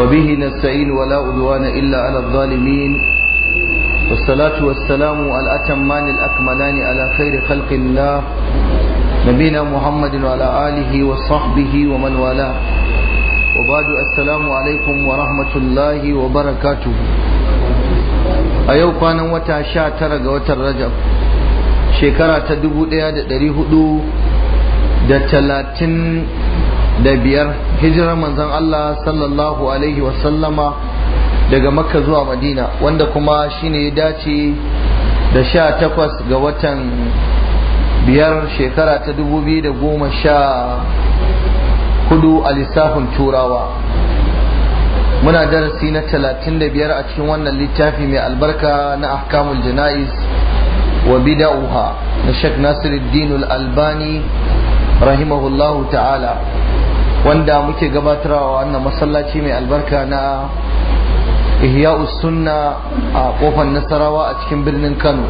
وبه نستعين ولا عدوان إلا على الظالمين والصلاة والسلام الأتمان الأكملان على خير خلق الله نبينا محمد وعلى آله وصحبه ومن والاه وبعد السلام عليكم ورحمة الله وبركاته أيوكا نوتا شاتر قوة الرجب شكرا تدبو لها دريه da talatin da biyar hijirar manzon Allah sallallahu alaihi wasallama daga makka zuwa madina wanda kuma shine ya dace da sha takwas ga watan biyar shekara ta dubu biyu da goma sha hudu a lissafin turawa muna darasi na talatin da biyar a cikin wannan littafi mai albarka na ahkamul jana'iz wa bida'uha na shek nasiruddin albani rahimahullahu ta'ala wanda muke gabatarwa wannan masallaci mai albarka na ihya sunna a kofar nasarawa a cikin birnin kano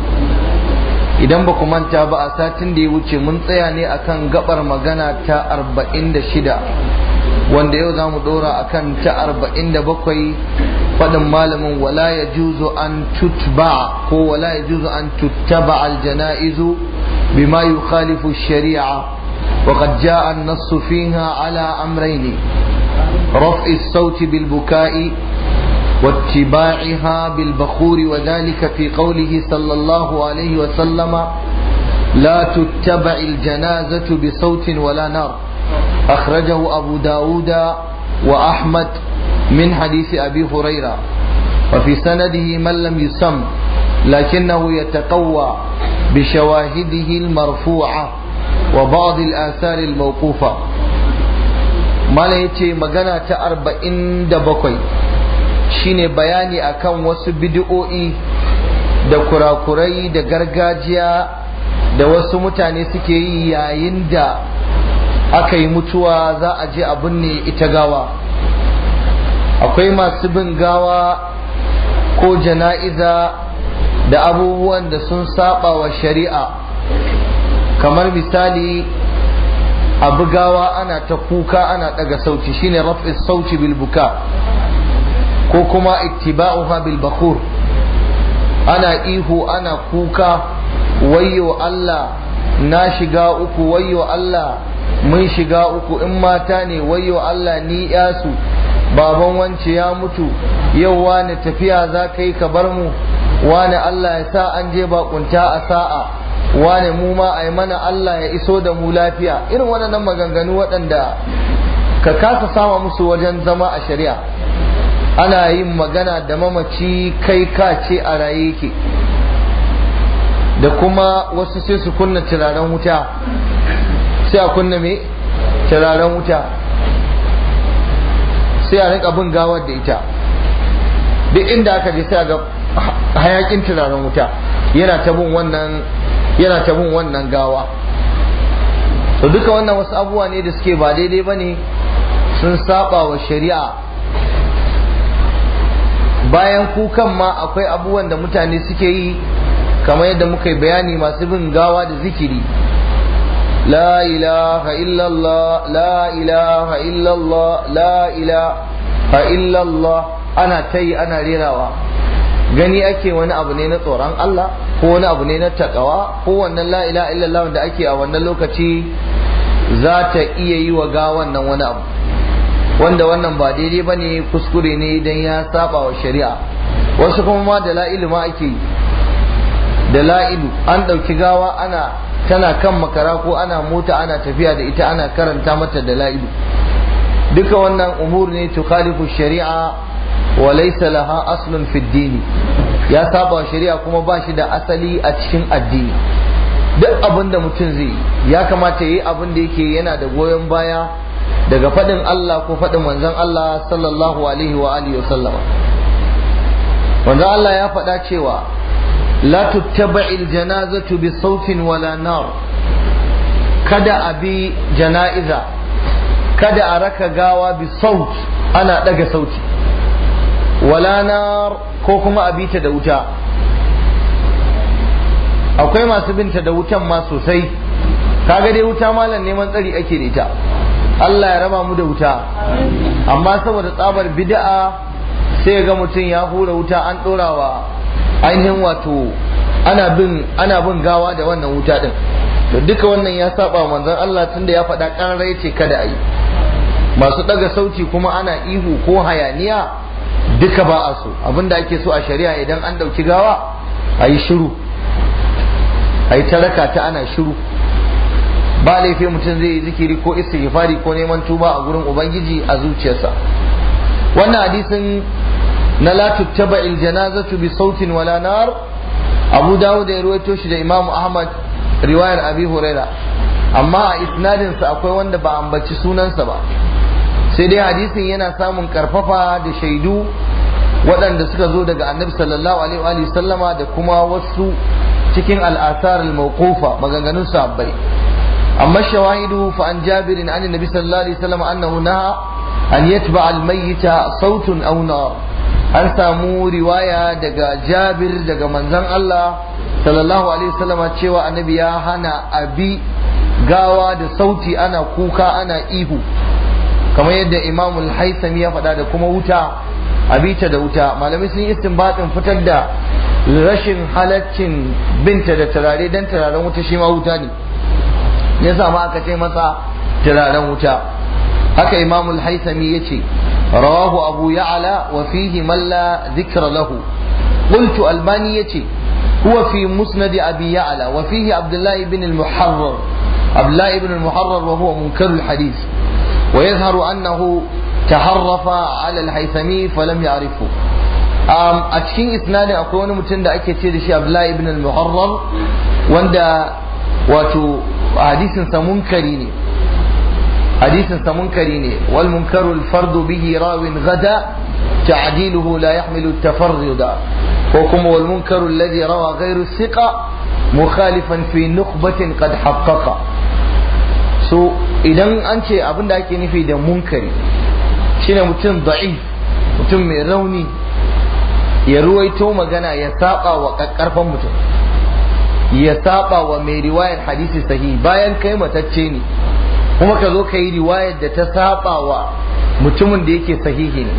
idan ba ku manta ba a satin da ya wuce mun tsaya ne akan gabar magana ta 46 wanda yau za mu dora akan ta 47 faɗin malamin wala ya juzo an tutba ko wala ya juzo an tuttaba aljana'izu bima yukhalifu shari'a وقد جاء النص فيها على أمرين رفع الصوت بالبكاء واتباعها بالبخور وذلك في قوله صلى الله عليه وسلم لا تتبع الجنازة بصوت ولا نار أخرجه أبو داود وأحمد من حديث أبي هريرة وفي سنده من لم يسم لكنه يتقوى بشواهده المرفوعة wa وبعض الآثار mawqufa mala yace magana ta 47 shine bayani akan wasu bid'o'i da kurakurai da gargajiya da wasu mutane suke yi yayin da aka yi mutuwa za a je a binne ita gawa akwai masu bin gawa ko jana'iza da abubuwan da sun saba wa shari'a kamar misali a bugawa ana ta kuka ana daga sauti shine raf'is sauti bil buka ko kuma ittiba'uha bil bakur ana ihu ana kuka wayyo Allah na shiga uku wayyo Allah mun shiga uku in mata ne wayyo Allah ni yasu baban wance ya mutu yau wani tafiya za ka yi ka bar mu wani Allah ya sa an je bakunta a sa'a wane mu ma a mana Allah ya iso da mu lafiya irin waɗannan maganganu waɗanda ka kasa sama musu wajen zama a shari'a ana yin magana da mamaci kai ka ce a raye ke da kuma wasu sai su kunna turaren wuta sai a kunna me turaren wuta sai a rika bin gawar da ita duk inda aka je sai a ga hayakin turaren wuta yana ta bin wannan yana ta bin wannan gawa to duka wannan wasu abubuwa ne da suke ba daidai ba ne sun saba wa shari'a bayan kukan ma akwai abubuwan da mutane suke yi kamar yadda muka yi bayani masu bin gawa da zikiri la ilaha illallah la ilaha illallah la ilaha illallah ana ta ana rerawa gani ake wani abu ne na tsoron Allah ko wani abu ne na takawa ko wannan la ilaha illallah da ake a wannan lokaci za ta iya yi wa gawan nan wani abu wanda wannan ba daidai bane kuskure ne idan ya saba wa shari'a wasu kuma ma da la'ilu ma ake yi da la'ilu an ɗauki gawa ana tana kan makara ko ana mota ana tafiya da ita ana karanta mata da la'ilu duka wannan umur ne tukhalifu shari'a Walaisalaha laha aslun fi dini ya saba shari'a kuma ba shi da asali a cikin addini duk abin da mutum zai ya kamata yayi abin da yake yana da goyon baya daga faɗin Allah ko faɗin manzon Allah sallallahu alaihi wa alihi wa sallama manzon Allah ya faɗa cewa la tuttaba'il janazatu bi sawtin wala nar kada a bi jana'iza kada a raka gawa bi sawt ana ɗaga sauti wala ko kuma a da wuta akwai masu binta da wutan ma sosai kaga dai wuta malam neman tsari ake da ita Allah ya raba mu da wuta amma saboda tsabar bid'a sai ga mutum ya hura wuta an ɗorawa ainihin wato ana bin ana bin gawa da wannan wuta din to duka wannan ya saba manzon Allah tunda ya faɗa ƙarar ce kada a yi masu ɗaga sauti kuma ana ihu ko hayaniya duka ba a so abinda ake so a shari'a idan an ɗauki gawa a yi shiru a yi taraka ta ana shiru ba laifin mutum zai yi zikiri ko istighfari ko neman tuba a gurin ubangiji a zuciyarsa wannan hadisin na la tuttaba il janazatu bi sautin wala nar abu dawud da ya ruwaito shi da imam ahmad riwayar abi huraira amma a isnadinsa akwai wanda ba ambaci sunansa ba sai dai hadisin yana samun karfafa da shaidu waɗanda suka zo daga annabi sallallahu alaihi wa sallama da kuma wasu cikin al'asar al-mawqufa maganganun sahabbai amma shawahidu fa an jabirin an annabi sallallahu alaihi wasallam annahu naha an yatba al-mayyita sautun aw nar an samu riwaya daga jabir daga manzon Allah sallallahu alaihi wasallama cewa annabi ya hana abi gawa da sauti ana kuka ana ihu kamar yadda imamul haisami ya faɗa da kuma wuta abita da wuta malamai sun yi istinbatin fitar da rashin halaccin binta da turare dan turaren wuta shi ma wuta ne ya sa ma aka ce masa turaren wuta haka imamul haisami ya ce rawahu abu ya'ala wa fihi malla zikra lahu qultu albani ya ce huwa fi musnadi abi ya'ala wa fihi abdullahi ibn al-muharrar abdullahi ibn al-muharrar wa huwa munkarul hadith ويظهر أنه تحرف على الهيثمي فلم يعرفه a cikin isnadin akwai wani mutum da ake ce da shi Abdullahi ibn al-Muharrar wanda wato hadisin sa munkari ne hadisin sa munkari ne wal munkaru al-fardu bihi rawin gada ta'diluhu la yahmilu ko kuma wal munkaru alladhi rawa siƙa thiqa mukhalifan fi nukhbatin qad haqqaqa idan an ce abin da ake nufi da munkari shine mutum da'if mutum mai rauni ya ruwaito magana ya saba wa karfan mutum ya saba wa mai riwayar hadisi sahihi bayan kai matacce ne kuma ka zo ka yi riwayar da ta saba wa mutumin da yake sahihi ne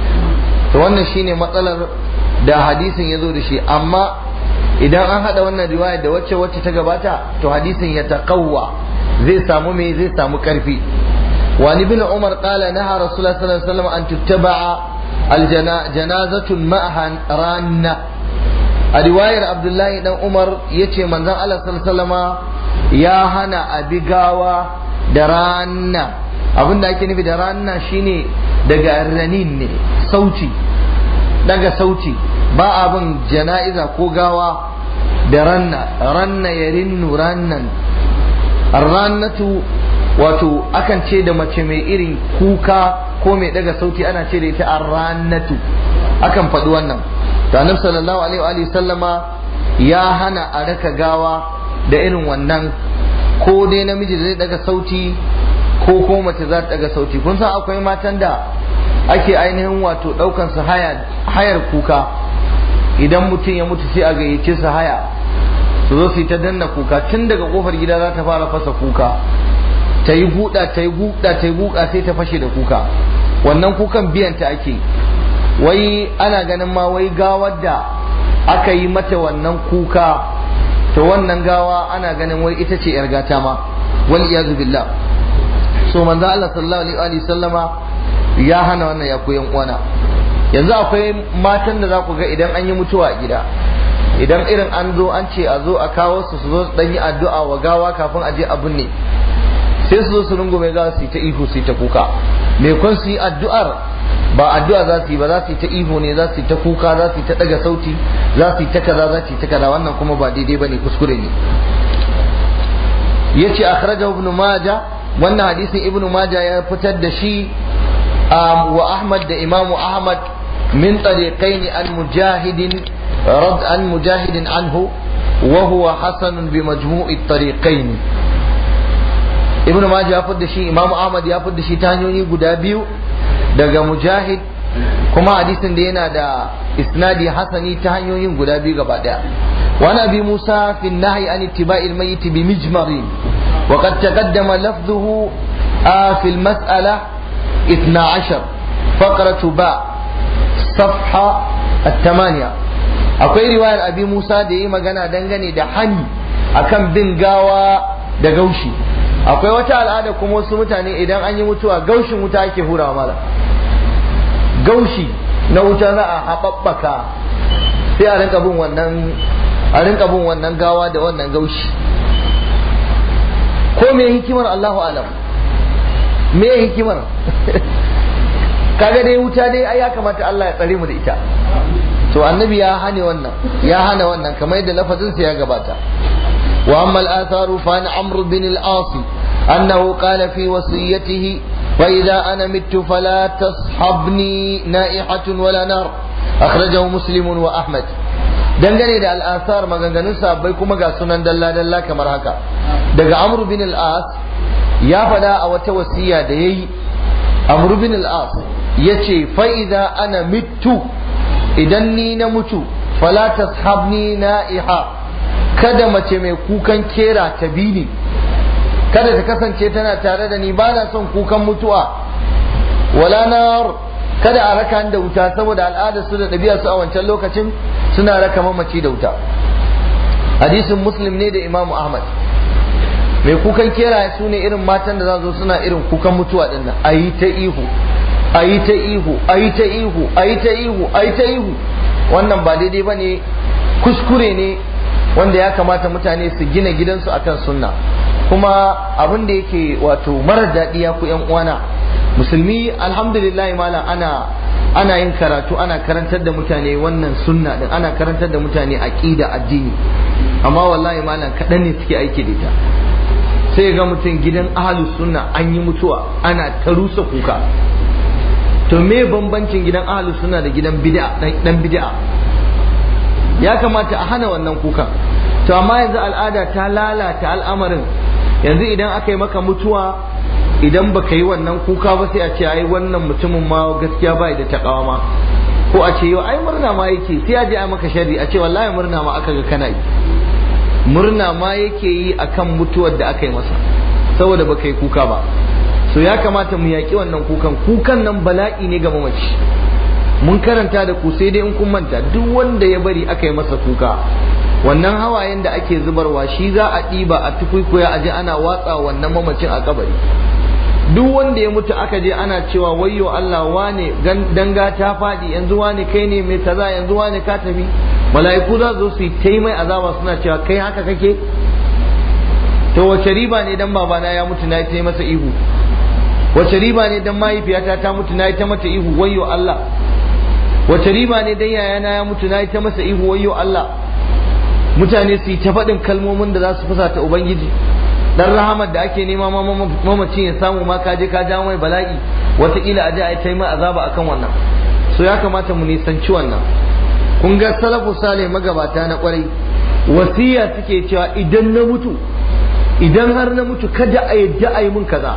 to wannan shine matsalar da hadisin ya zo da shi amma idan an hada wannan riwayar da wacce wacce ta gabata to hadisin ya taƙawwa zai samu me zai samu karfi Wani bin umar qala naha rasulullah sallallahu alaihi wasallam an tuttaba a janazatun ma'aha ranna a riwayar abdullahi dan umar yace manzon Allah sallallahu ya hana abigawa da ranna abin da ake nufi da ranna shine daga ranin ne sauci daga sauci ba abin jana'iza ko gawa da ranna ranna ya rinnu rannan arranatu wato akan ce da mace mai irin kuka ko mai daga sauti ana ce da ita arranatu akan faɗi wannan to sallallahu alaihi wa sallama ya hana a raka gawa da irin wannan ko dai namiji zai daga sauti ko ko mace za ta daga sauti kun san akwai matan da ake ainihin wato daukan su hayar kuka idan mutum ya mutu sai a gayyace su haya su zo su yi ta danna kuka tun daga kofar gida za ta fara fasa kuka ta yi guda ta yi guda ta yi guda sai ta fashe da kuka wannan kukan biyan ta ake wai ana ganin ma wai gawar da aka yi mata wannan kuka to wannan gawa ana ganin wai ita ce yar gata ma wal iyazu billah so manzo Allah sallallahu alaihi sallama ya hana wannan ya koyan uwana yanzu akwai matan da za ku ga idan an yi mutuwa a gida idan irin an zo an ce a zo a kawo su su zo su ɗanyi addu'a wa gawa kafin a je a binne sai su zo su mai za su yi ta ihu su yi ta kuka Mai kun su yi addu'ar ba addu'a za su yi ba za su yi ta ihu ne za su yi ta kuka za su yi ta daga sauti za su yi ta kaza za su yi ta kaza wannan kuma ba daidai ba ne kuskure ne Ya yace akhraja ibn maja wannan hadisin ibn maja ya fitar da shi um, wa ahmad da imamu ahmad min ne an mujahidin رد عن مجاهد عنه وهو حسن بمجموع الطريقين ابن ماجه يفد شيء امام احمد يفد شيء ثاني غدا بيو daga مجاهد كما حديثن دينا دا اسنادي حسني ثاني يقول بيو غبا ديا وانا ابي موسى في النهي عن اتباع الميت بمجمر وقد تقدم لفظه آه، في المسألة 12 فقرة باء صفحة الثمانية akwai riwayar abi musa da yi magana dangane da hani akan bin gawa da gaushi akwai wata al'ada kuma wasu mutane idan an yi mutuwa gaushin wuta ake hura mala gaushi na wuta za a haɓaɓɓaka sai a rinka bin wannan a rinka bin wannan gawa da wannan gaushi ko me hikimar Allahu alam me hikimar kaga dai wuta dai ai ya kamata Allah ya tsare mu da ita to annabi ya hane wannan ya hana wannan kamar yadda lafazin sa ya gabata wa amma al-atharu fa an amr bin al asi annahu qala fi wasiyatihi fa idha ana mittu fala tashabni na'ihatun wala nar akhrajahu muslim wa ahmad dangane da al-athar maganganun bai kuma ga sunan dalla dalla kamar haka daga amr bin al-as ya fada a wata wasiya da yayi amr bin al-as yace fa idha ana mittu idan ni na mutu fala na iha kada mace mai kukan kera ta bi ni kada ta kasance tana tare da ni ba na son kukan mutuwa wala na kada a raka da wuta saboda al'adar su da ɗabi'a su a wancan lokacin suna raka mamaci da wuta hadisin muslim ne da imamu ahmad mai kukan kera su ne irin matan da za zo suna irin kukan mutuwa ɗin nan a yi ta ihu a ta ihu a ta ihu a yi ta ihu a ta ihu wannan ba daidai ba ne kuskure ne wanda ya kamata mutane su gina gidansu akan sunna kuma abin da yake wato mara daɗi ya ku yan uwana musulmi alhamdulillah mala ana ana yin karatu ana karantar da mutane wannan sunna din ana karantar da mutane aqida addini amma wallahi mala kaɗan ne suke aiki da ita sai ga mutum gidan ahlus sunna an yi mutuwa ana ta rusa kuka to me bambancin gidan ahlus suna da gidan bid'a dan bid'a ya kamata a hana wannan kuka. to amma yanzu al'ada ta lalata al'amarin yanzu idan aka yi maka mutuwa idan baka yi wannan kuka ba sai a ce ai wannan mutumin ma gaskiya bai da takawa ma ko a ce yau ai murna ma yake sai a je a maka sharri a ce wallahi murna ma aka ga kana yi murna ma yake yi akan mutuwar da aka yi masa saboda baka yi kuka ba so ya kamata mu yaƙi wannan kukan kukan nan bala'i ne ga mamaci mun karanta da ku sai dai in kun manta duk wanda ya bari aka yi masa kuka wannan hawayen da ake zubarwa shi za a ɗiba a tukwikwaya a ji ana watsa wannan mamacin a kabari duk wanda ya mutu aka je ana cewa wayyo Allah wane danga ta faɗi yanzu wane kai ne mai kaza yanzu wane ka tafi mala'iku za su su yi mai azaba suna cewa kai haka kake to wace riba ne dan babana ya mutu na yi masa ihu wace riba ne dan mahaifiyata ta mutu na yi ta mata ihu wayo Allah wace riba ne dan yayana ya mutu na yi ta masa ihu Allah mutane su yi ta faɗin kalmomin da za su ta ubangiji dan rahamar da ake nema mamacin ya samu ma kaje ka ja mai bala'i wataƙila a ji a yi azaba akan wannan so ya kamata mu nisanci wannan kun ga salafu sale magabata na kwarai wasiya suke cewa idan na mutu idan har na mutu kada a yadda a yi mun kaza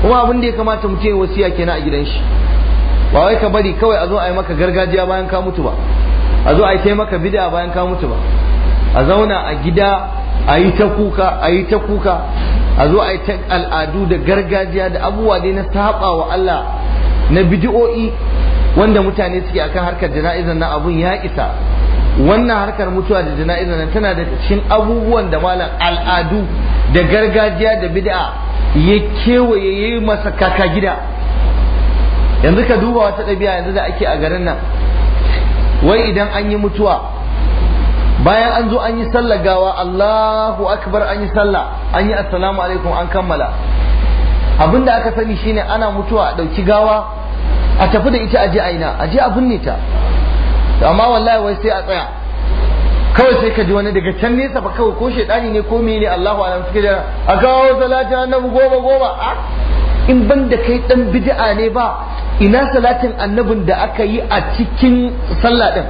kuma abin da ya kamata mutum ya wasiya kenan a gidan shi ba wai ka bari kawai a zo a yi maka gargajiya bayan ka mutu ba a zo a yi maka bid'a bayan ka mutu ba a zauna a gida a yi ta kuka a yi ta kuka a zo a yi ta al'adu da gargajiya da abubuwa dai na saba wa Allah na bid'o'i. wanda mutane suke akan harkar jana'izar na abun ya isa wannan harkar mutuwa da jana'izar nan tana da cikin abubuwan da malam al'adu da gargajiya da bid'a ya kewaye ya yi masa kaka gida yanzu ka duba wata ɗabi'a yanzu da ake a garin nan wai idan an yi mutuwa bayan an zo an yi sallah gawa Allahu akbar an yi sallah an yi assalamu alaikum an kammala abin da aka sani shine ana mutuwa a ɗauki gawa a tafi da ita aje aina aje a binne ta amma wallahi wai sai a tsaya kawai sai ka ji wani daga can nesa ba kawai ko shaidani ne ko mene Allahu alam suke da a kawo salatin annabi goma goma a in ban da kai ɗan bid'a ne ba ina salatin annabin da aka yi a cikin sallah din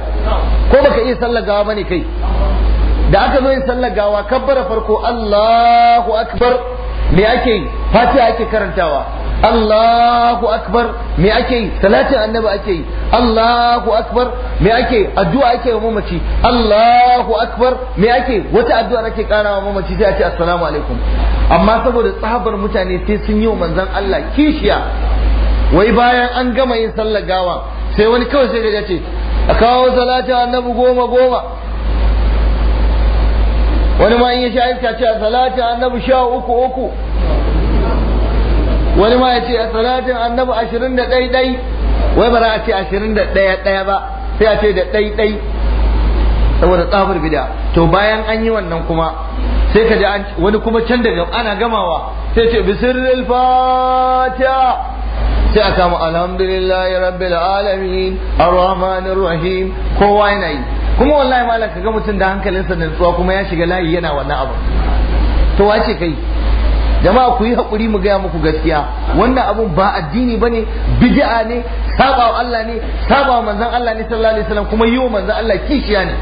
ko baka iya sallagawa gawa bane kai da aka zo yin sallagawa gawa kabbara farko Allahu akbar me ake yi fatiha ake karantawa Allahu akbar me ake yi salatin annabi ake yi Allahu akbar me ake addu'a ake wa mamaci Allahu akbar me ake wata addu'a ake karawa mamaci sai a ce assalamu alaikum amma saboda tsabar mutane sai sun yi wa manzon Allah kishiya wai bayan an gama yin sallar gawa sai wani kawai sai ya ce a kawo salatin annabi goma goma wani ma in ya sha iska ce a salatin annabi sha uku uku wani ma ya ce a salatin annabi ashirin da ɗai wai ba za a ce ashirin da ɗaya ɗaya ba sai a ce da ɗai saboda tsafar bida to bayan an yi wannan kuma sai ka ji wani kuma can daga ana gamawa sai ce bisirril fatiha sai a kama rabbi rabbil alamin arrahmanir rahim kowa yana yi kuma wallahi ka ga mutum da hankalinsa da tsuwa kuma ya shiga layi yana wannan abu to wace kai jama'a ku yi haƙuri mu gaya muku gaskiya wannan abun ba addini bane bid'a ne saba wa Allah ne saba wa manzon Allah ne sallallahu alaihi wasallam kuma yi wa manzon Allah kishiya ne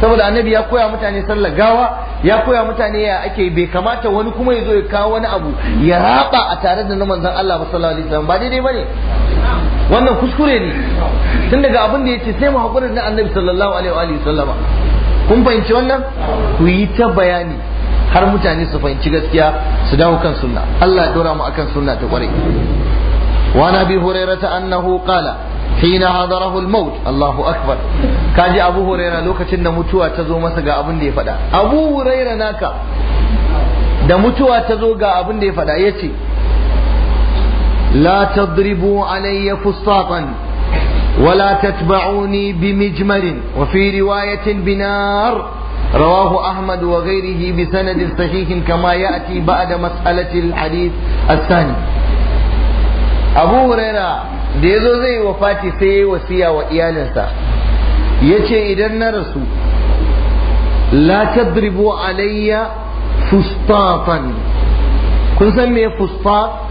saboda annabi ya koya mutane sallar gawa ya koya mutane ya ake bai kamata wani kuma ya zo ya kawo wani abu ya raba a tare da na manzon Allah ba sallallahu alaihi wasallam ba daidai bane wannan kuskure ne tun daga abin da ce sai mu hakuri da annabi sallallahu alaihi wa kun fahimci wannan ku yi ta bayani har mutane su fahimci gaskiya su dawo kan sunna Allah ya dora mu akan sunna ta kware wa nabi ta annahu kala hina hadarahu al-maut Allahu akbar kaji Abu Huraira lokacin da mutuwa ta zo masa ga abin da ya faɗa Abu Huraira naka da mutuwa ta zo ga abin da ya faɗa yace la tadribu alayya fustatan ولا Wafi بمجمر وفي رواية binar? رواه أحمد وغيره sanadin صحيح كما يأتي بعد مسألة الحديث الثاني أبو هريرة da ya zo zai Fati sai ya yi wasiya wa iyalinsa ya ce idan na rasu la tadribu alayya fustafan kun san me fusfa?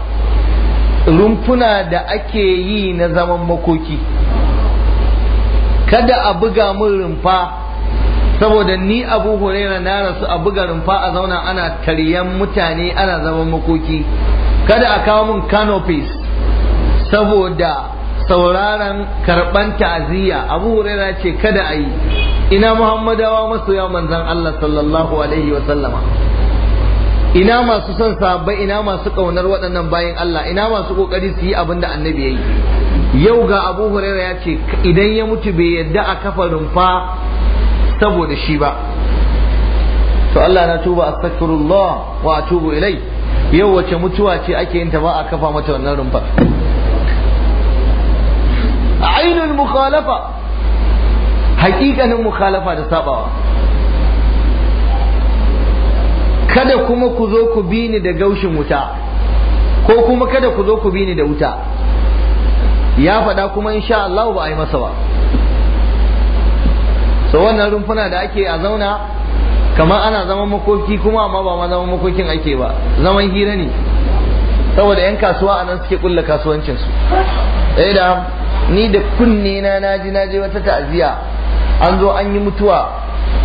rumfuna da ake yi na zaman makoki kada a buga mun rumfa saboda ni abu huraira na rasu a buga rumfa a zauna ana taryan mutane ana zaman makoki kada a kawo mun canopies saboda sauraron karban ta'aziyya abu huraira ce kada a yi ina muhammadawa masoya manzan Allah sallallahu alaihi wa ina masu son sabba ina masu kaunar waɗannan bayan Allah ina masu kokari su yi abin da annabi ya yi yau ga abu huraira ya ce idan ya mutu bai yadda a kafa rumfa saboda shi ba to Allah na tuba astaghfirullah wa atubu ilai yau wace mutuwa ce ake yin ta ba a kafa mata wannan rumfa ainul mukhalafa hakikanin mukhalafa da sabawa kada kuma ku zo ku bi ni da gaushin wuta ko kuma kada ku zo ku bi ni da wuta ya faɗa kuma insha Allah ba a yi masa ba so wannan rumfuna da ake a zauna kamar ana zaman makoki kuma amma ba ma zaman makokin ake ba zaman hira ne saboda yan kasuwa a nan suke kulla kasuwancin su da ni da kunne na naji naji wata ta'aziya an zo an yi mutuwa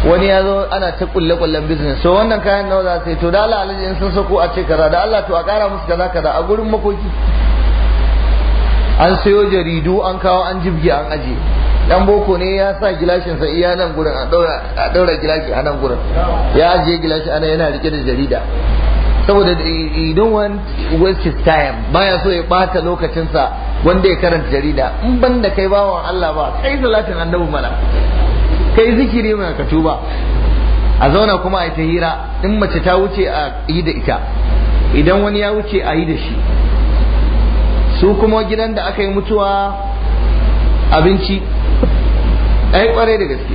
wani ya zo ana ta kulle kullen business so wannan kayan nawa za su yi to da Allah alaji in sun sako a ce kaza da Allah to a kara musu kaza kaza a gurin makoki an sayo jaridu an kawo an jibgi an aje dan boko ne ya sa gilashin sa iya nan gurin a daura a daura gilashi a nan gurin ya ajiye gilashi ana yana rike da jarida saboda idan don't want waste time baya so ya bata lokacinsa wanda ya karanta jarida in ban da kai bawan Allah ba kai salatin annabi mana kai zikiri mai ka tuba a zauna kuma a ta hira in mace ta wuce a yi da ita idan wani ya wuce a yi da shi su kuma gidan da aka yi mutuwa abinci ai kwarai da gaske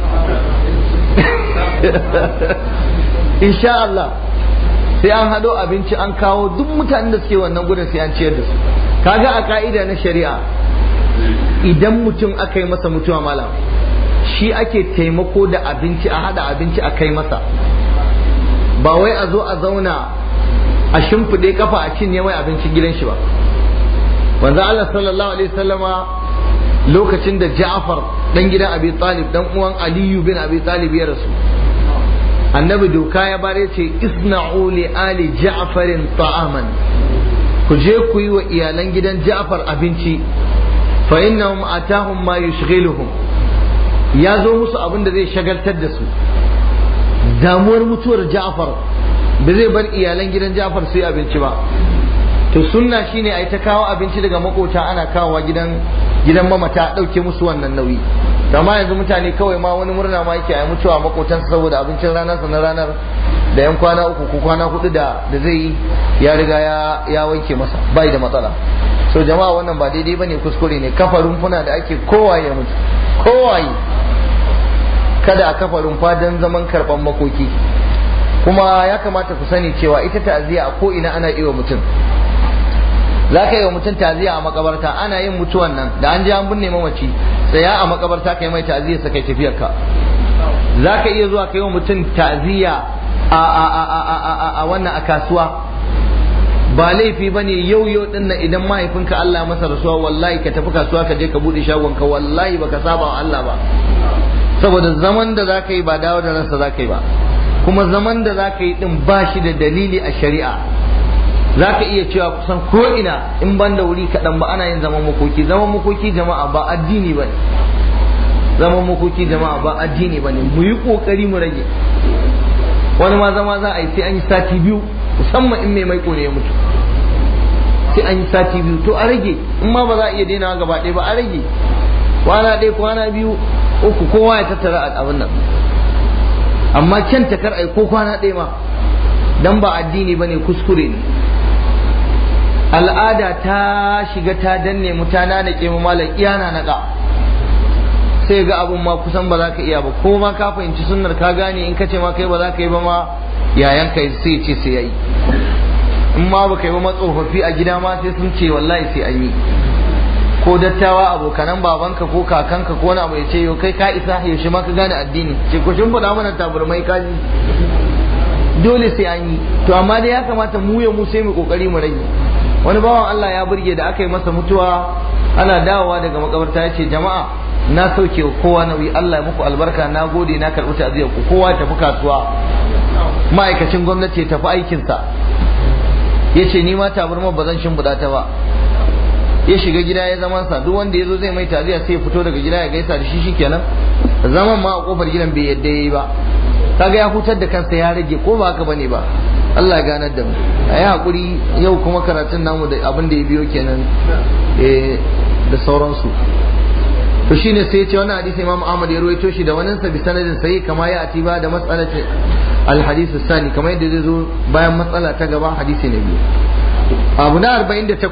insha Allah sai an hado abinci an kawo duk mutanen da suke wannan gudun sai an ciyar da su kaga a ka'ida na shari'a idan mutum aka yi masa mutuwa malam shi ake taimako da abinci a hada abinci a kai masa ba wai a zo a zauna a shimfiɗe kafa a cinye mai abincin gidan shi ba wanzu Allah sallallahu alaihi wasallama lokacin da Ja'far dan gidan Abi Talib dan uwan Aliyu bin Abi Talib ya rasu annabi doka ya bare ce isna'u li ali Ja'farin ta'aman ku je ku yi wa iyalan gidan Ja'far abinci fa innahum atahum ma yushghiluhum ya zo musu abin da zai shagaltar da su damuwar mutuwar Ja'far ba zai bar iyalan gidan Ja'far su yi abinci ba to sunna shine ai ta kawo abinci daga makota ana kawowa gidan gidan mamata ɗauke musu wannan nauyi amma yanzu mutane kawai ma wani murna ma yake ai mutuwa makotansa saboda abincin ranar sa na ranar da yan kwana uku ko kwana hudu da da zai ya riga ya ya wanke masa bai da matsala so jama'a wannan ba daidai bane kuskure ne kafa rumfuna da ake kowaye mutu kowaye kada a kafa rumfa don zaman karban makoki kuma ya kamata ku sani cewa ita ta'aziyya a ko ina ana iya mutum za ka yi wa mutum taziya a makabarta ana yin mutuwan nan da an ji an binne mamaci tsaya a makabarta ka yi mai taziya sa kai tafiyar ka za ka iya zuwa ka yi wa mutum taziya a a wannan a kasuwa ba laifi ba ne yau yau din nan idan mahaifinka Allah masa rasuwa wallahi ka tafi kasuwa ka je ka bude shagon ka wallahi baka saba wa Allah ba saboda zaman da za ka yi ba dawo da nasa za ka yi ba kuma zaman da za ka yi din ba shi da dalili a shari'a za ka iya cewa kusan ko ina in ban da wuri kaɗan ba ana yin zaman makoki zaman makoki jama'a ba addini ba ne zaman makoki jama'a ba addini ba ne mu yi ƙoƙari mu rage wani ma zama za a yi sai an yi sati biyu musamman in mai maiƙo ne ya mutu sai an yi sati biyu to a rage in ma ba za a iya daina gaba ɗaya ba a rage kwana ɗaya kwana biyu uku kowa ya tattara a abin nan amma can takar ai ko kwana ɗaya ma dan ba addini bane kuskure ne al'ada ta shiga ta danne mutana na ke mu malam iya na naɗa. sai ga abun ma kusan ba za ka iya ba ko ma ka fahimci sunnar ka gane in ka ce ma kai ba za ka yi ba ma yayan ka sai ce sai yayi in ma ba kai ba matsofaffi a gida ma sai sun ce wallahi sai an yi ko dattawa abokanan babanka ko kakanka ko wani abu ya ce yau kai ka isa yaushe ma ka gane addini ce ku shin faɗa mana taburmai kaji dole sai an yi to amma dai ya kamata mu ya mu sai mu kokari mu rage wani bawan Allah ya burge da aka yi masa mutuwa ana dawowa daga makabarta ya ce jama'a na sauke kowa nauyi Allah ya muku albarka na gode na karɓi ta'aziyar ku kowa ya tafi kasuwa ma'aikacin gwamnati ya tafi aikinsa ya ce ni ma tabarma ba zan shimfiɗa ta ba ya shiga gida ya zaman sa duk wanda ya zo zai mai taziya sai ya fito daga gida ya gaisa da shi shikenan zaman ma a kofar gidan bai yadda ya yi ba kaga ya hutar da kansa ya rage ko ba haka bane ba Allah ya ganar da mu a yi haƙuri yau kuma karatun namu da abin da ya biyo kenan eh, da sauransu to shine sai ya ce wannan hadisi Imam Ahmad ya ruwaito shi da wannan sabi sanadin sahih kama ya atiba da mas'alati al sani kama yadda zai zo bayan matsala ta gaba hadisi na biyu abu na 48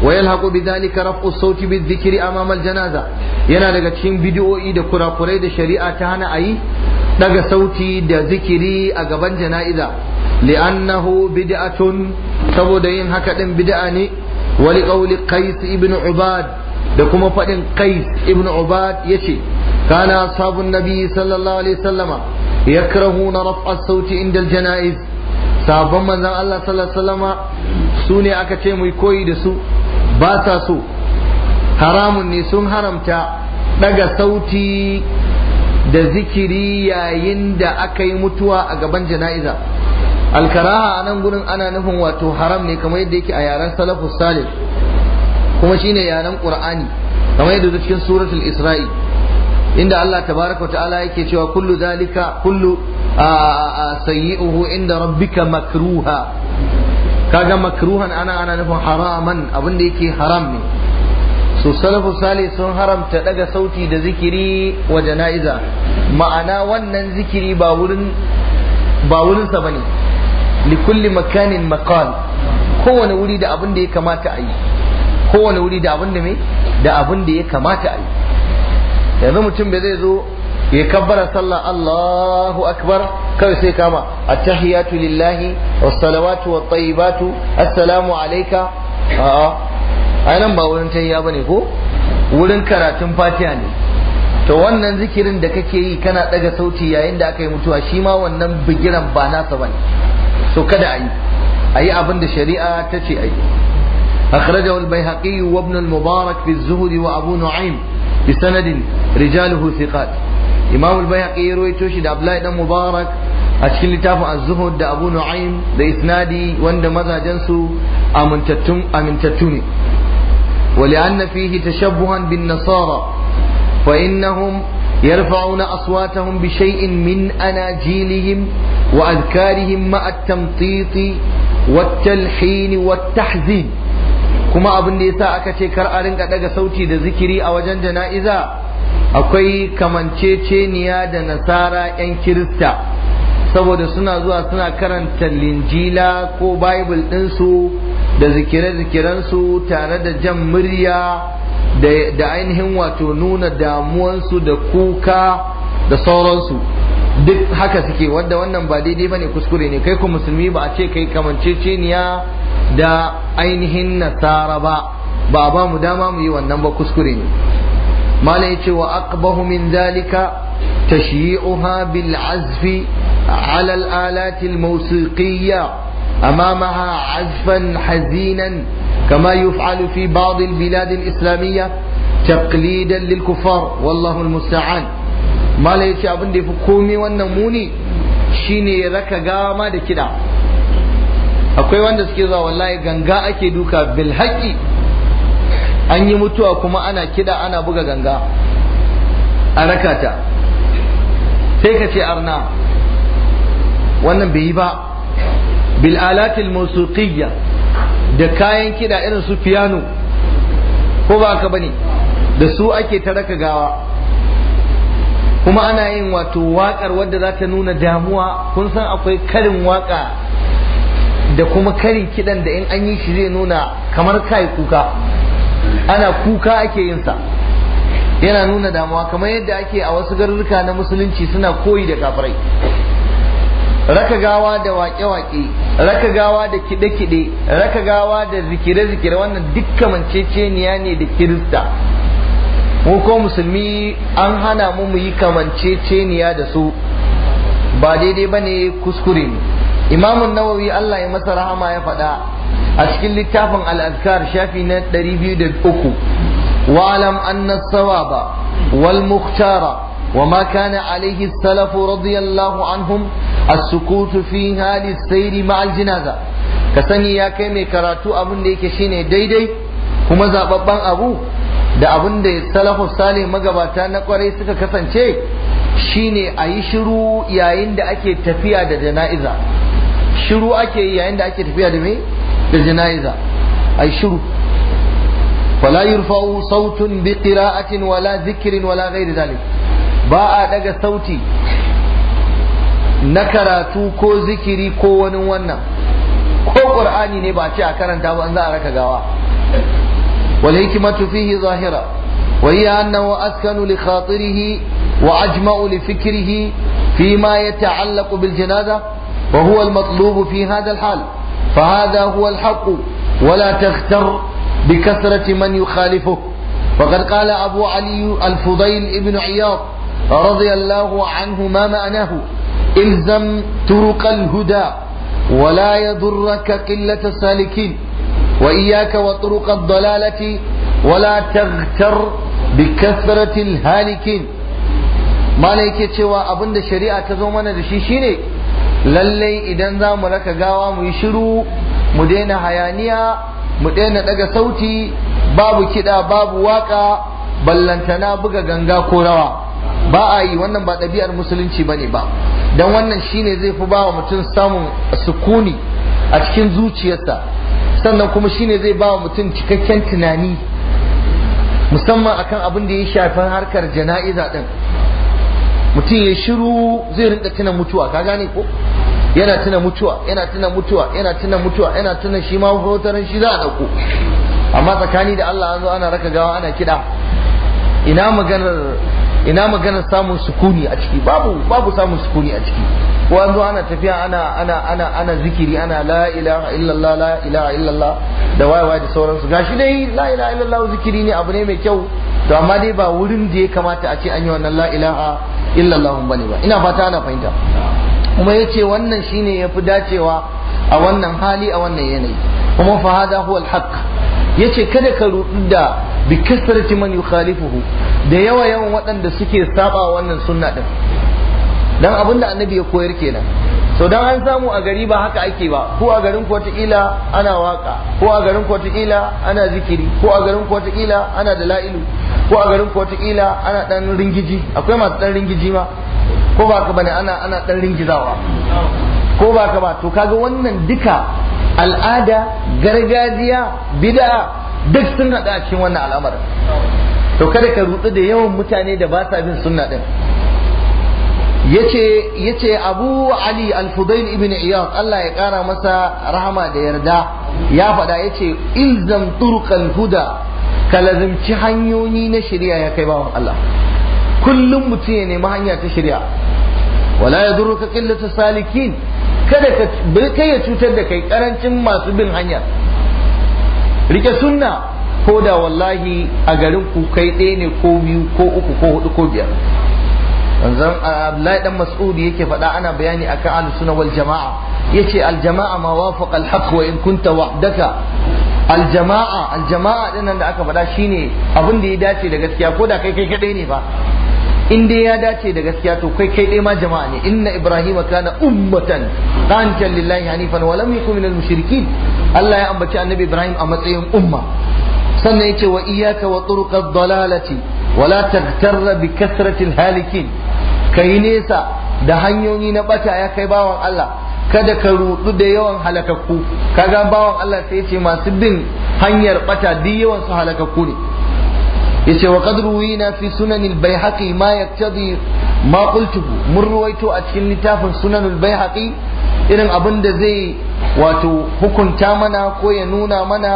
wa yalhaqu bi ka raf'u sauti bi zikiri a mamar janaza yana daga cikin bidiyo'i da kurakurai da shari'a ta hana ayi daga sauti da zikiri a gaban jana'iza li'annahu bid'atun saboda yin haka din bid'a ne wali qawli qais ibn ubad da kuma fadin qais ibn ubad yace kana ashabun nabi sallallahu alaihi wasallama yakrahuna raf'a sauti inda al-janaiz sabon manzon Allah sallallahu alaihi wasallama su ne aka ce mu koyi da su ba so haramun ne sun haramta daga sauti da zikiri yayin da aka yi mutuwa a gaban jana'iza alkaraha a nan gurin ana nufin wato haram ne kamar yadda yake a yaren salafus salih kuma shine yaren qur'ani kamar yadda cikin suratul isra'i inda Allah tabaraka ta'ala yake cewa kullu zalika kullu sayyi'uhu inda rabbika makruha kaga makruhan ana ana nufin haraman abin da yake haram ne so salafu salih sun haramta daga sauti da zikiri wa jana'iza ma'ana wannan zikiri ba wurin ba wurinsa bane likulli makanin maqal kowane wuri da abin da ya kamata a yi kowane wuri da abin da me da abin da ya kamata a yi yanzu mutum bai zai zo ya kabbara sallah Allahu akbar kawai sai kama attahiyatu lillahi wat-tayyibatu assalamu alayka a'a ai nan ba wurin tayya bane ko wurin karatun fatiha ne to wannan zikirin da kake yi kana daga sauti yayin da aka yi mutuwa shi ma wannan bigiran ba nasa bane so kada a yi a yi abin da shari'a ta ce a yi akhrajahu al-bayhaqi wa mubarak fi az wa abu nu'aym bi sanadin rijaluhu thiqat imam al-bayhaqi ruwaito shi da abdullahi dan mubarak a cikin littafin az da abu nu'aym da isnadi wanda mazajan su amintattun amintattu ne wa li'anna fihi tashabbuhan bin nasara fa hum. يرفعون أصواتهم بشيء من أناجيلهم وأذكارهم مع التمطيط والتلحين والتحزين kuma abin da yasa aka ce kar a rinka daga sauti da zikiri a wajen jana'iza akwai kamanceceniya da nasara 'yan kirista saboda suna zuwa suna karanta linjila ko bible ɗinsu da zikire su tare da jan murya da ainihin wato nuna damuwansu da kuka da sauransu duk haka suke wadda wannan ba daidai ne kuskure ne kai ku musulmi ba a ce kai kamanceceniya da ainihin nasara ba ba ba mu dama mu yi wannan ba kuskure ne mala yace wa aqbahu min zalika tashyi'uha bil azfi ala al alati al maha أمامها عزفا حزينا كما يفعل في بعض البلاد الإسلامية تقليدا للكفار والله المستعان ما لا يشي أبن دي فكومي والنموني شيني raka قاما da kiɗa. akwai wanda suke zuwa wallahi ganga ake duka bilhaki an yi mutuwa kuma ana kiɗa ana buga ganga arakata. rakata ka ce arna wannan bai yi ba bil alatil musiqiyya da kayan kiɗa irin su piano ko ba ka bane da su ake ta raka gawa kuma ana yin wato waƙar wadda za ta nuna damuwa kun san akwai karin waƙa da kuma karin kiɗan da in an yi shi zai nuna kamar kai kuka ana kuka ake yin sa yana nuna damuwa kamar yadda ake a wasu garuruka na musulunci suna koyi da kafirai raka gawa da waƙe-waƙe raka gawa da kiɗe-kiɗe raka gawa da zikire-zikire wannan dukkan manceceniya ne da kirista mu ko musulmi an hana mu mu yi kamanceceniya da su ba daidai ba ne kuskure ne imamun nawawi allah ya masa rahama ya faɗa a cikin littafin al'adkar shafi na biyu 203 wa'alam an sawaba wal muktara وما كان عليه السلف رضي الله عنهم السكوت فيها للسير مع الجنازة كسني يا كيمي كراتو أبن ديك شيني دي دي كما زاببان أبو da abin da salafu sali magabata na kwarai suka kasance shine a yi shiru yayin da ake tafiya da jana'iza shiru ake yi yayin da ake tafiya da me jana'iza a yi shiru fala yurfa'u sautun bi qira'atin wala zikirin wala ghairi zalik ba a daga sauti na karatu ko zikiri ko wani wannan ko qur'ani ne ba ce a karanta ba an za a raka gawa wal hikmatu fihi zahira wa hiya annahu askanu li khatirihi wa ajma'u li fikrihi فيما يتعلق بالجنازة وهو المطلوب في هذا الحال فهذا هو الحق ولا تغتر بكثرة من يخالفه وقد قال أبو علي الفضيل ابن عياض رضي الله عنه ما معناه الزم طرق الهدى ولا يضرك قلة السالكين وإياك وطرق الضلالة ولا تغتر بكثرة الهالكين ما لك cewa abin da shari'a ta zo mana da shi shine lallai idan zamu raka gawa mu yi shiru mu daina hayaniya mu daina daga sauti babu kiɗa babu waka ballantana buga ganga ko rawa ba a yi wannan ba ɗabi'ar musulunci ba ne ba don wannan shine zai fi ba wa mutum samun sukuni a cikin zuciyarsa sannan kuma shine zai ba wa mutum cikakken tunani musamman akan abin da ya shafi harkar jana'iza ɗin mutum ya shiru zai rinka tuna mutuwa ka gane ko yana tuna mutuwa yana tuna mutuwa yana tuna mutuwa yana tuna shi ma hotaran shi za a dauko amma tsakani da Allah an zo ana raka gawa ana kiɗa, ina maganar ina magana samun sukuni a ciki babu babu samun sukuni a ciki ko an ana tafiya ana ana ana ana zikiri ana la ilaha illallah la ilaha illallah da wayewa da sauransu gashi dai la ilaha illallah zikiri ne abu ne mai kyau to amma dai ba wurin da ya kamata a ce an yi wannan la ilaha illallah bane ba ina fata ana fahimta kuma yace wannan shine yafi dacewa a wannan hali a wannan yanayi kuma fa hada huwa alhaq yace kada ka rudu da bikasar kasrati man yukhalifuhu da yawa yawan waɗanda suke saba wannan sunna din dan da annabi ya koyar kenan so dan an samu a gari ba haka ake ba ko a garin kwata ila ana waka ko a garin kwata ila ana zikiri ko a garin kwata ila ana dalailu ko a garin kwata ila ana dan ringiji akwai masu dan ringiji ma ko ba ka bane ana ana dan ringizawa ko ba ka ba to kaga wannan duka al'ada gargajiya bid'a duk sun hada a cikin wannan al'amarin to kada ka rutsu da yawan mutane da ba sa bin sunna din yace yace Abu Ali Al-Fudail ibn Iyad Allah ya kara masa rahama da yarda ya faɗa yace ilzam turqan huda ka lazimci hanyoyi na shari'a ya kai bawan Allah kullum mutum ya nemi hanya ta shari'a wala yadurruka qillatu salikin kada ka kai ya cutar da kai karancin masu bin hanya rike sunna ko da wallahi a garin ku kai ɗaya ne ko biyu ko uku ko hudu ko biyar Abdullahi dan mas'udi yake faɗa ana bayani akan ahlus sunna wal jama'a yace al jama'a ma wafaqa al haqq wa in kunta wahdaka al jama'a al jama'a da aka faɗa shine abin da ya dace da gaskiya ko da kai kai kadai ne ba in dai ya dace da gaskiya to kai kai dai ma jama'a ne inna ibrahima kana ummatan qanitan lillahi hanifan wa lam yakun minal mushrikin Allah ya ambaci annabi ibrahim a matsayin umma sannan yace wa iyyaka wa turqad dalalati wa la taghtarra bi kasratil halikin kai nesa da hanyoyi na bata ya kai bawan Allah kada ka rudu da yawan halakakku kaga bawan Allah sai yace masu bin hanyar bata duk yawan su halakakku ne yace wa qad ruwina fi sunanil bayhaqi ma yaktadi ma qultu mun ruwaito a cikin littafin sunanul bayhaqi baihaqi irin abin da zai wato hukunta mana ko ya nuna mana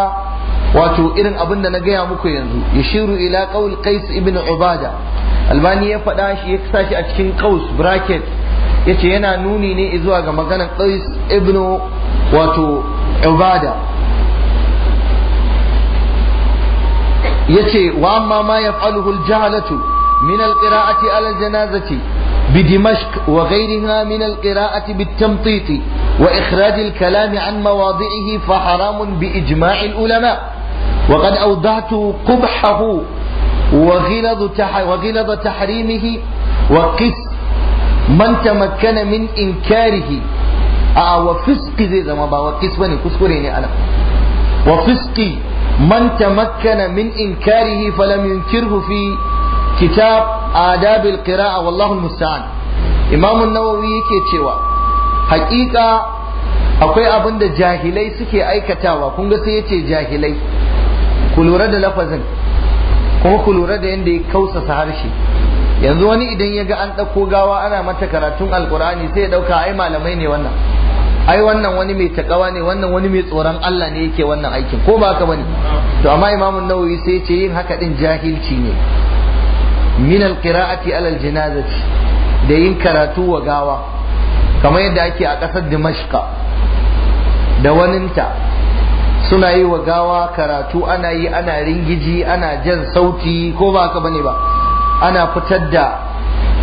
wato irin abin da na gaya muku yanzu yashiru ila qaul qais ibn ubada albani ya faɗa shi ya sa shi a cikin qaus bracket yace yana nuni ne zuwa ga maganar qais ibn wato ubada يتي واما ما يفعله الجهلة من القراءة على الجنازة بدمشق وغيرها من القراءة بالتمطيط وإخراج الكلام عن مواضعه فحرام بإجماع العلماء وقد أوضعت قبحه وغلظ وغلظ تحريمه وقس من تمكن من إنكاره أو آه، فسق زي ما با وقس بني كسكريني أنا وفسقي من تمكن من إنكاره فلم ينكره في كتاب آداب القراءة والله المستعان إمام النووي كيتشوا حقيقة akwai abin da jahilai suke aikatawa kun ga sai yace jahilai ku lura da lafazin kuma ku lura da yadda ya kausasa harshe yanzu wani idan ya ga an ɗauko gawa ana mata karatun alkur'ani sai ya ɗauka ai malamai ne wannan ai wannan wani mai takawa ne wannan wani mai tsoron Allah ne yake wannan aikin ko ba haka bane to amma imamun nawawi sai ya ce yin haka din jahilci ne min alqira'ati alal janazati da yin karatu wa gawa kamar yadda ake a kasar dimashqa da waninta suna yi wa gawa karatu ana yi ana ringiji ana jan sauti ko ba haka bane ba ana fitar da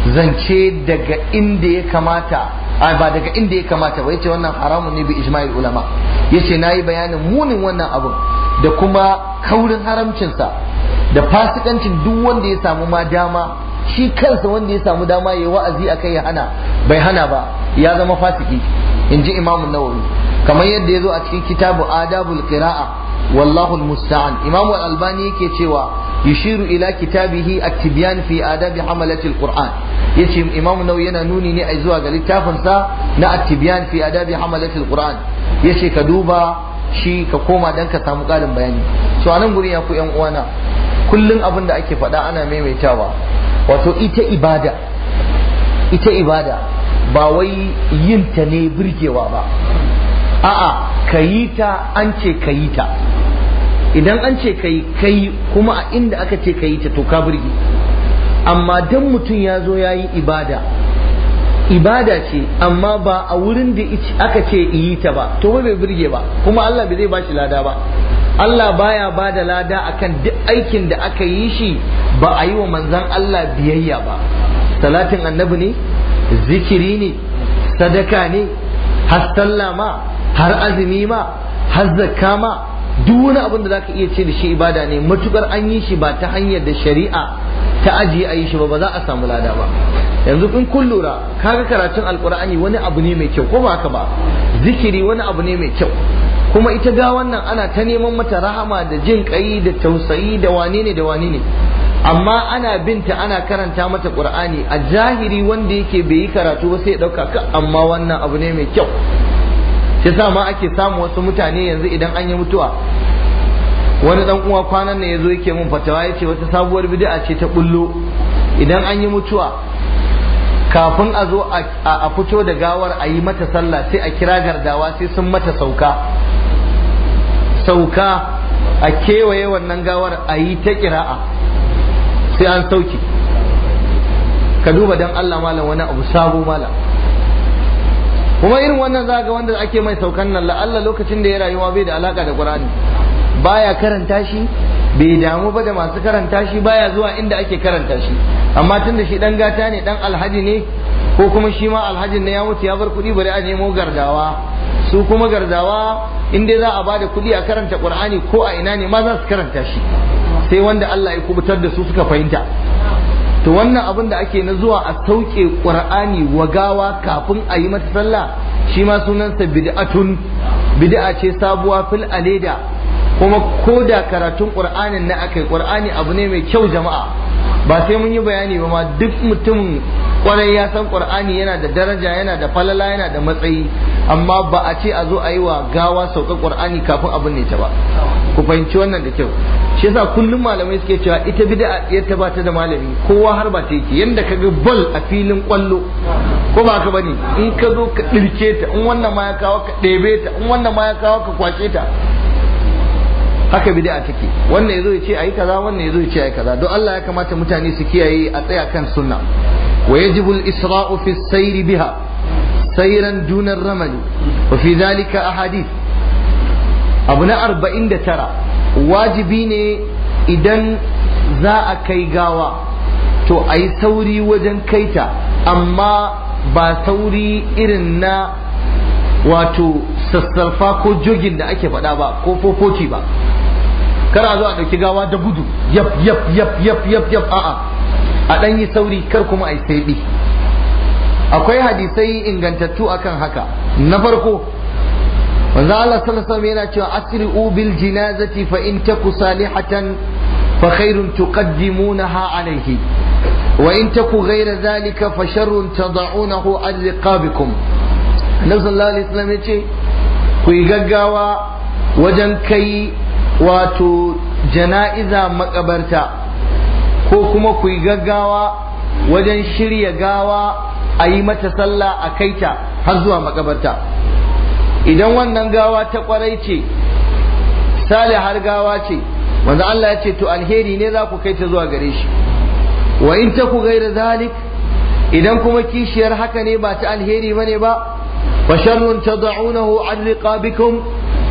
zance daga inda ya kamata a ba daga inda ya kamata ba yace wannan haramun ne bi ijma'il ulama yace nayi bayanin munin wannan abu da kuma kaurin haramcinsa da fasikancin duk wanda ya samu ma dama shi kansa wanda ya samu dama yayi wa'azi akai ya hana bai hana ba ya zama fasiki inji ji imamun nawawi kamar yadda ya zo a cikin kitabu adabul qira'a wallahu musta'an imamu al-albani yake cewa yushiru ila kitabihi at-tibyan fi adabi hamalati al-qur'an yace imamu nawawi yana nuni ne ai zuwa ga littafin sa na at-tibyan fi adabi hamalati al-qur'an yace ka duba shi ka koma dan ka samu ƙarin bayani so anan gurin ya ku yan uwana kullum abin da ake faɗa ana maimaitawa wato ita ibada ita ibada ba wai yin ta ne birgewa ba a'a ka yi ta an ce ka yi ta idan an ce kai kai kuma a inda aka ce kai ta to ka burge amma dan mutum ya zo ya yi ibada ibada ce amma ba a wurin da aka ce yi ta ba to bai burge ba kuma Allah bai zai ba shi lada ba Allah baya ba da lada akan duk aikin da aka yi shi ba a yi wa manzan Allah biyayya ba salatin annabi ne zikiri ne sadaka ne har salla ma har azumi ma har zakka ma duk wani abin da zaka iya ce da shi ibada ne matukar an yi shi ba ta hanyar da shari'a ta ajiye a yi shi ba ba za a samu lada ba yanzu in kun lura kaga karatun alkur'ani wani abu ne mai kyau ko ba haka ba zikiri wani abu ne mai kyau kuma ita ga wannan ana ta neman mata rahama da jin kai da tausayi da wane ne da wane ne amma ana binta ana karanta mata qur'ani a jahiri wanda yake bai yi karatu ba sai ya dauka ka amma wannan abu ne mai kyau yasa ma ake samu wasu mutane yanzu idan an yi mutuwa wani dan uwa kwanan ne yazo yake mun fatawa yace wata sabuwar bid'a ce ta bullo idan an yi mutuwa kafin a zo a fito da gawar a yi mata sallah sai a kira gardawa sai sun mata sauka sauka a kewaye wannan gawar a yi ta kira'a sai an sauke ka duba dan Allah malam wani abu sabo malam kuma irin wannan za ga wanda ake mai saukan nan la'alla lokacin da ya rayuwa bai da alaka da qur'ani baya karanta shi bai damu ba da masu karanta shi baya zuwa inda ake karanta shi amma tunda shi dan gata ne dan alhaji ne ko kuma shi ma alhajin ne ya mutu ya bar kuɗi bari a nemo gardawa su kuma gardawa in dai za a bada kuɗi a karanta qur'ani ko a ina ne ma za su karanta shi sai wanda Allah ya kubutar da su suka fahimta to wannan abin da ake na zuwa a sauke ƙur'ani wa gawa kafin a yi mata sallah shi ma sunansa bid'atun bid'a ce sabuwa fil aleda kuma ko da karatun qur'anin na akai ƙur'ani abu ne mai kyau jama'a ba sai mun yi bayani ba ma duk mutum kwarai ya san qur'ani yana da daraja yana da falala yana da matsayi amma ba a ce a zo a yi wa gawa sauka ƙur'ani kafin abin ne ta ba fahimci wannan da kyau shi yasa kullum malamai suke cewa ita bid'a yadda ba da malami kowa har ba ta yake yanda ka ga bal a filin kwallo ko ba ka bani in ka zo ka dirke ta in wannan ma ya kawo ka ɗebe ta in wannan ma ya kawo ka kwashe ta haka bid'a take wannan yazo ya ce ayi kaza wannan yazo ya ce ayi kaza don Allah ya kamata mutane su kiyaye a tsaya kan sunna wa yajibu al-isra'u fi as biha sayran duna ar wa fi dhalika ahadith abu na arba'in da tara wajibi ne idan za a kai gawa to a yi sauri wajen kai ta amma ba sauri irin na wato sassarfa ko jogin da ake faɗa ba ko fofoki ba kar a zo a ɗauki gawa da gudu yaf yaf yaf yaf yaf yaf a'a a ɗan yi sauri kar kuma a yi saiɗi akwai hadisai ingantattu akan haka na farko manzo Allah sallallahu alaihi yana cewa asri'u bil jinazati fa in taku salihatan fa khairun tuqaddimunaha alayhi wa in taku ghayra zalika fa sharrun tad'unahu an riqabikum Annabi sallallahu alaihi wasallam yace ku yi gaggawa wajen kai wato jana'iza makabarta ko kuma ku yi gaggawa wajen shirya gawa a yi mata sallah a kaita har zuwa makabarta idan wannan gawa ta kwarai ce har gawa ce wanda Allah ya ce to alheri ne za ku kai ta zuwa gare shi wa in ta ku gaira zalik idan kuma kishiyar haka ne ba ta alheri ba ne ba wa sharrun ta tad'unahu an riqabikum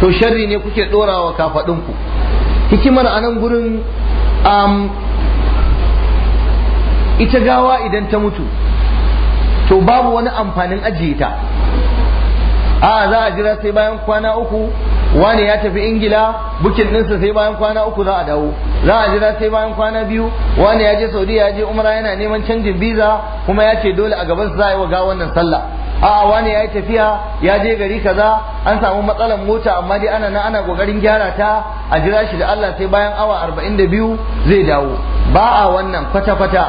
to sharri ne kuke dorawa ku hikimar anan gurin ita gawa idan ta mutu to babu wani amfanin ajiye ta a za a jira sai bayan kwana uku wani ya tafi ingila bukin ɗinsa sai bayan kwana uku za a dawo za a jira sai bayan kwana biyu wani ya je saudi ya je umra yana neman canjin biza kuma ya ce dole a gaban za a yi wa wannan sallah a wani ya yi tafiya ya je gari kaza an samu matsalar mota amma dai ana nan ana kokarin gyara ta a jira shi da Allah sai bayan awa arba'in da zai dawo ba a wannan kwata-kwata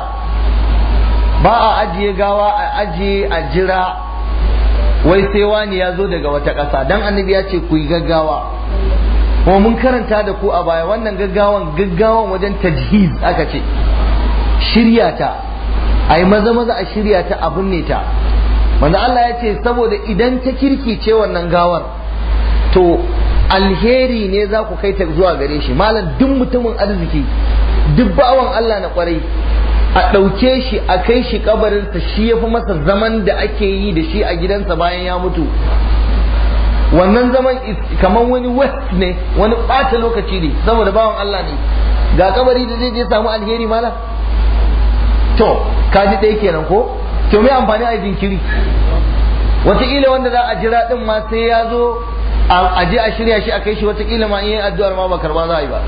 ba a ajiye gawa a ajiye a jira wai sai wani ya zo daga wata ƙasa dan annabi ya ce ku yi gaggawa ko mun karanta da ku a baya wannan gaggawan gaggawan wajen tajhiz aka ce shirya ta a yi maza maza a shirya ta a binne ta wanda Allah ya ce saboda idan ta kirki ce wannan gawar to alheri ne za ku kai ta zuwa gare shi malam duk mutumin arziki duk bawan Allah na kwarai a ɗauke shi a kai shi kabarinsa shi ya fi masa zaman da ake yi da shi a gidansa bayan ya mutu wannan zaman kamar wani west ne wani ɓata lokaci ne saboda bawan Allah ne ga kabari da zai je samu alheri mala to kaji ɗaya kenan ko to me amfani a jinkiri wataƙila wanda za a jira ɗin ma sai ya zo a je a shirya shi a kai shi wataƙila ma in yi addu'ar ma ba karba za a yi ba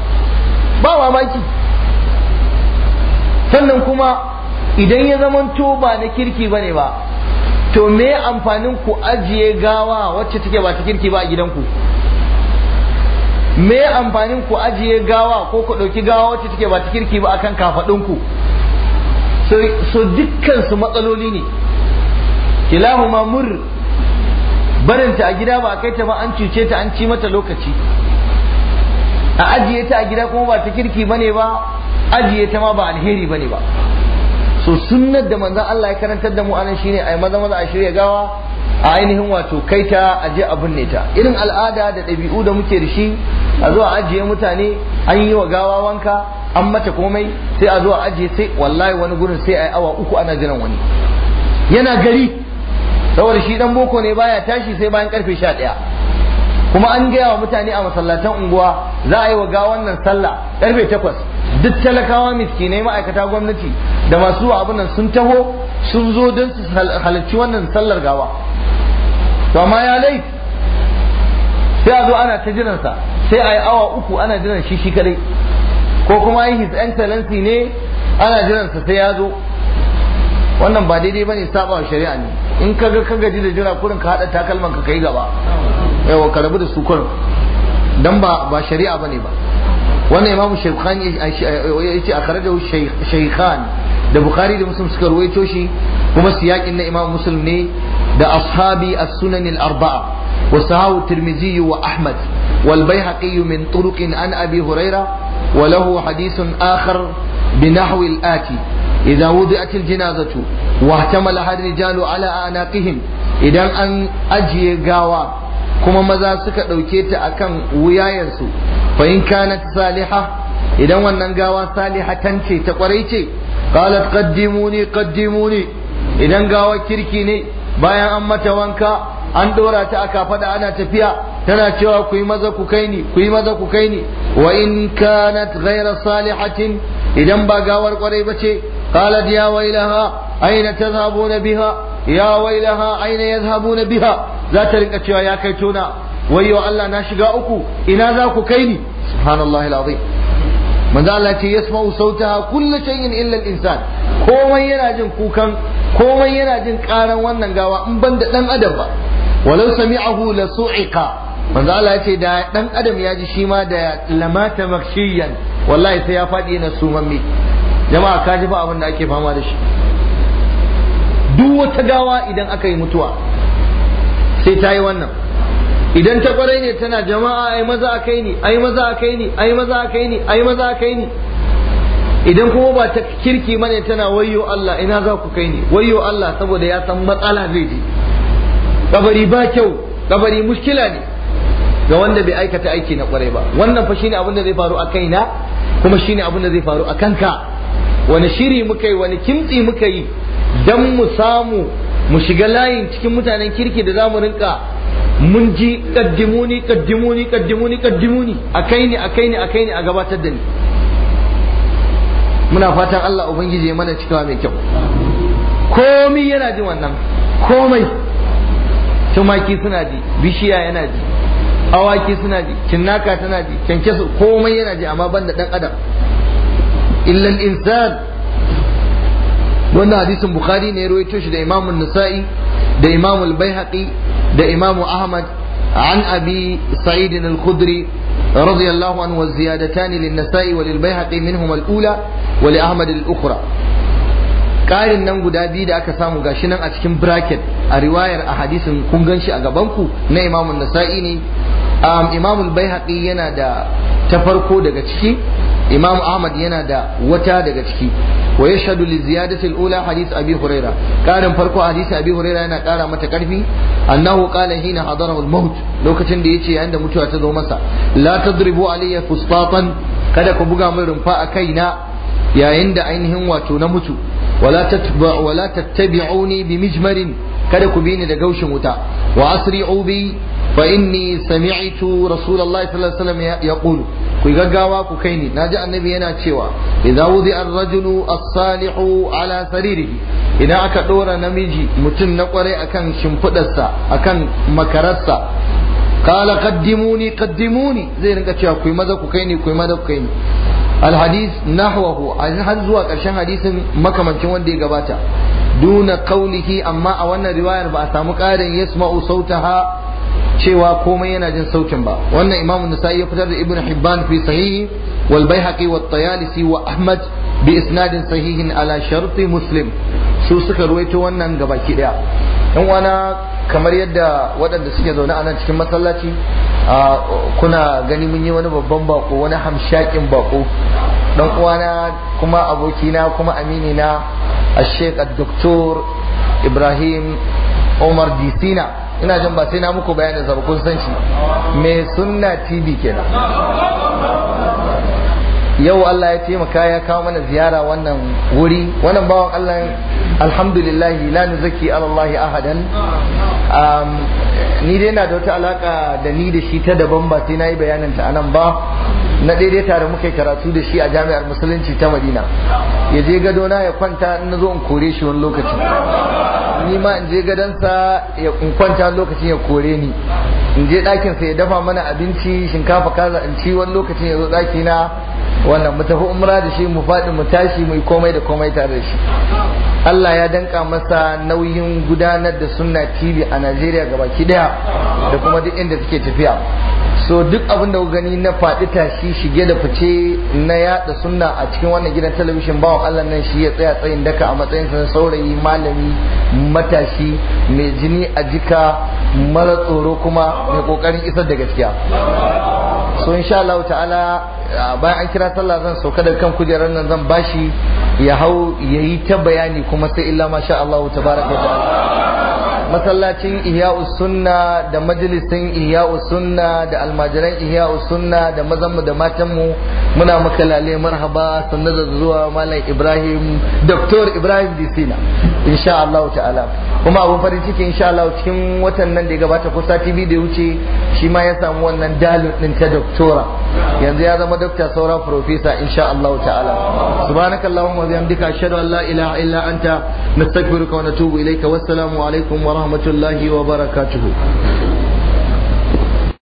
ba mamaki sannan kuma idan ya zama ba na kirki bane ba to me amfanin ku ajiye gawa wacce take ba ta kirki ba a gidanku me amfanin ku ajiye gawa ko ku ɗauki gawa wacce take ba ta kirki ba akan kafaɗinku so dukkan su matsaloli ne kilahuma mur barinta a gida ba a kai ta ba an cuce ta an ci mata lokaci a ajiye ta a gida kuma ba ta kirki bane ba ajiye ta ma ba alheri ba ne ba so sunnar da manzon Allah ya karantar da mu anan shine yi maza maza a shirya gawa a ainihin wato kai ta aje a binne ta irin al'ada da ɗabi'u da muke da shi a zo ajiye mutane an yi wa gawa wanka an mata komai sai a zo ajiye sai wallahi wani gurin sai a yi awa uku ana jiran wani yana gari saboda shi dan boko ne baya tashi sai bayan karfe sha ɗaya kuma an gaya wa mutane a masallatan unguwa za a yi wa gawan nan sallah karfe takwas duk talakawa miskinai ma'aikata gwamnati da masu abin nan sun taho sun zo don su halarci wannan sallar gawa to amma ya lai sai a zo ana ta jiransa sai a yi awa uku ana jiran shi shi kadai ko kuma yi his excellency ne ana jiransa sai ya zo wannan ba daidai bane saba shari'a ne in kaga ka gaji da jira kurin ka hada takalman ka kai gaba yawa ka rabu da su dan ba ba shari'a bane ba wannan imamu shaykhan yace shaykhan da bukhari da muslim suka ruwaito shi kuma siyakin na imamu muslim ne da ashabi as-sunan al-arba'a wa sahahu tirmidhi wa ahmad wal bayhaqi min turuq an abi hurayra wa lahu hadithun akhar بنحو الآتي إذا وضعت الجنازة واحتمل الرجال على أعناقهم إذا أن أجي gawa. kuma maza suka ɗauke ta akan wuyayensu fa in kanat saliha idan wannan gawa salihatan ce ta kwarai ce qalat qaddimuni qaddimuni idan gawa kirki ne bayan an mata wanka an dora ta aka fada ana tafiya tana cewa ku yi maza ku kai ni ku yi maza ku kai ni wa in kanat ghayra salihatin idan ba gawar kwarai bace qalat ya wailaha aina tadhabuna biha ya wailaha aina na biha za ta rinka cewa ya kai tona wayyo Allah na shiga uku ina za ku kai ni subhanallahi alazim manzo Allah ce yasma'u sautaha kullu shay'in illa al-insan komai yana jin kukan komai yana jin karan wannan gawa in ban da dan adam ba walau sami'ahu la su'iqa manzo Allah ya ce da dan adam ya ji shi ma da lamata makshiyan wallahi sai ya fadi na sumammi jama'a ka ji ba abin da ake fama da shi duk wata gawa idan aka yi mutuwa sai ta yi wannan idan ta kwarai ne tana jama'a ai maza a kai ni ai maza a kai ni ai maza a kai ni ai maza a kai ni idan kuma ba ta kirki mane tana wayyo Allah ina za ku kai ni wayyo Allah saboda ya san matsala zai ji kabari ba kyau kabari mushkila ne ga wanda bai aikata aiki na kwarai ba wannan fa shine abin da zai faru a kaina kuma shine abin da zai faru a kanka wani shiri muka yi wani kimtsi muka yi don mu samu mu shiga layin cikin mutanen kirki da zamu rinka mun ji kaddimuni kaddimuni kaddimuni kaddimuni akai ne akai ne akai ne a gabatar da ni muna fatan Allah ubangiji ya mana cikawa mai kyau komai yana ji wannan komai tumaki suna ji bishiya yana ji awaki suna ji cinnaka tana ji kyankyaso komai yana ji amma banda dan adam illal insan wannan hadisin bukhari ne ya rawaito shi da imamu nasa'i da imamu al-baihaqi da imamu ahmad عن أبي سعيد الخدري رضي الله عنه والزيادتان للنساء وللبيهقي منهما الأولى ولأحمد الأخرى ƙarin nan guda biyu da aka samu gashi nan a cikin biraket a riwayar a hadisin kun gan shi a gabanku na imamun nasa'i ne um, yana da ta farko daga ciki imam ahmad yana da wata daga ciki wa yashhadu li ziyadati ula hadith abi huraira karin farko hadisi abi huraira yana kara mata karfi annahu qala hina hadarahu al-maut lokacin da yace yayin da mutuwa ta zo masa la tadribu alayya fustatan kada ku buga min rumfa a kaina yayin da ainihin wato na mutu wala tatba wala tattabi'uni bi mijmarin kada ku bi ni da gaushin wuta wa asri'u bi fa inni sami'tu rasulullahi sallallahu alaihi wasallam ku gaggawa ku kai ni naji annabi yana cewa idza wudi ar-rajulu as-salihu ala saririhi idan aka dora namiji mutum na kwarai akan shimfidarsa akan makararsa qala qaddimuni qaddimuni zai rinka cewa ku maza ku kai ni ku maza ku kai ni الحديث نحوه har zuwa ƙarshen hadisin makamancin wanda ya gabata duna qawlihi amma a wannan riwayar ba a samu ƙarin yasma'u sautaha cewa komai yana jin saukin ba wannan imamu nasa'i ya fitar da ibnu hibban fi sahihi wal baihaqi wat tayalisi wa ahmad bi isnadin sahihin ala sharti muslim su suka ruwaito wannan gabaki daya dan wana kamar yadda waɗanda suke zaune a nan cikin masallaci kuna gani mun yi wani babban bako wani hamshakin bako dan uwana kuma abokina kuma aminina na الشيخ Ibrahim Umar عمر ديسينا ina jin ba sai na muku bayanin sa kun san shi me sunna tv kenan yau Allah ya taimaka ya kawo mana ziyara wannan wuri wannan bawan Allah alhamdulillah la nuzaki alallahi ahadan ni dai na da wata alaka da ni da shi ta daban ba sai na yi bayanin ta anan ba na daidai tare muka yi karatu da shi a jami'ar musulunci ta madina ya je gado na ya kwanta in zo in kore shi wani lokaci ni ma in je gadonsa ya kwanta lokacin ya kore ni in je ɗakinsa ya dafa mana abinci shinkafa kaza in ci wani lokacin ya zo ɗakina wannan mu tafi umra da shi mu faɗi mu tashi mu komai da komai tare da shi Allah ya danka masa nauyin gudanar da sunna TV a Najeriya gabaki daya da kuma duk inda suke tafiya so duk abin da gani na faɗi tashi shige da fice na yada sunna a cikin wannan gidan talabishin bawan Allah nan shi ya tsaya tsayin daka a matsayin sa saurayi malami matashi mai jini a jika mara tsoro kuma mai kokarin isar da gaskiya so insha Allah ta'ala bayan an kira sallah zan sauka da kan kujerar nan zan bashi ya hau yayi ta bayani kuma sai illa masha Allah tabaraka ta'ala masallacin ihya'u sunna da majalisin ihya'u sunna da almajiran ihya'u sunna da mazanmu da matanmu muna maka lale marhaba sannan da zuwa malam ibrahim doktor ibrahim disina insha Allah ta'ala kuma abun farin ciki insha Allah cikin watan nan da ya gabata ko sati biyu da ya wuce shi ma ya samu wannan dalil din ta doktora yanzu ya zama dokta saura professor insha Allah ta'ala subhanakallahumma wa bihamdika ashhadu an la ilaha illa anta nastaghfiruka wa natubu ilayka wassalamu alaikum wa rahmatullahi wa barakatuhu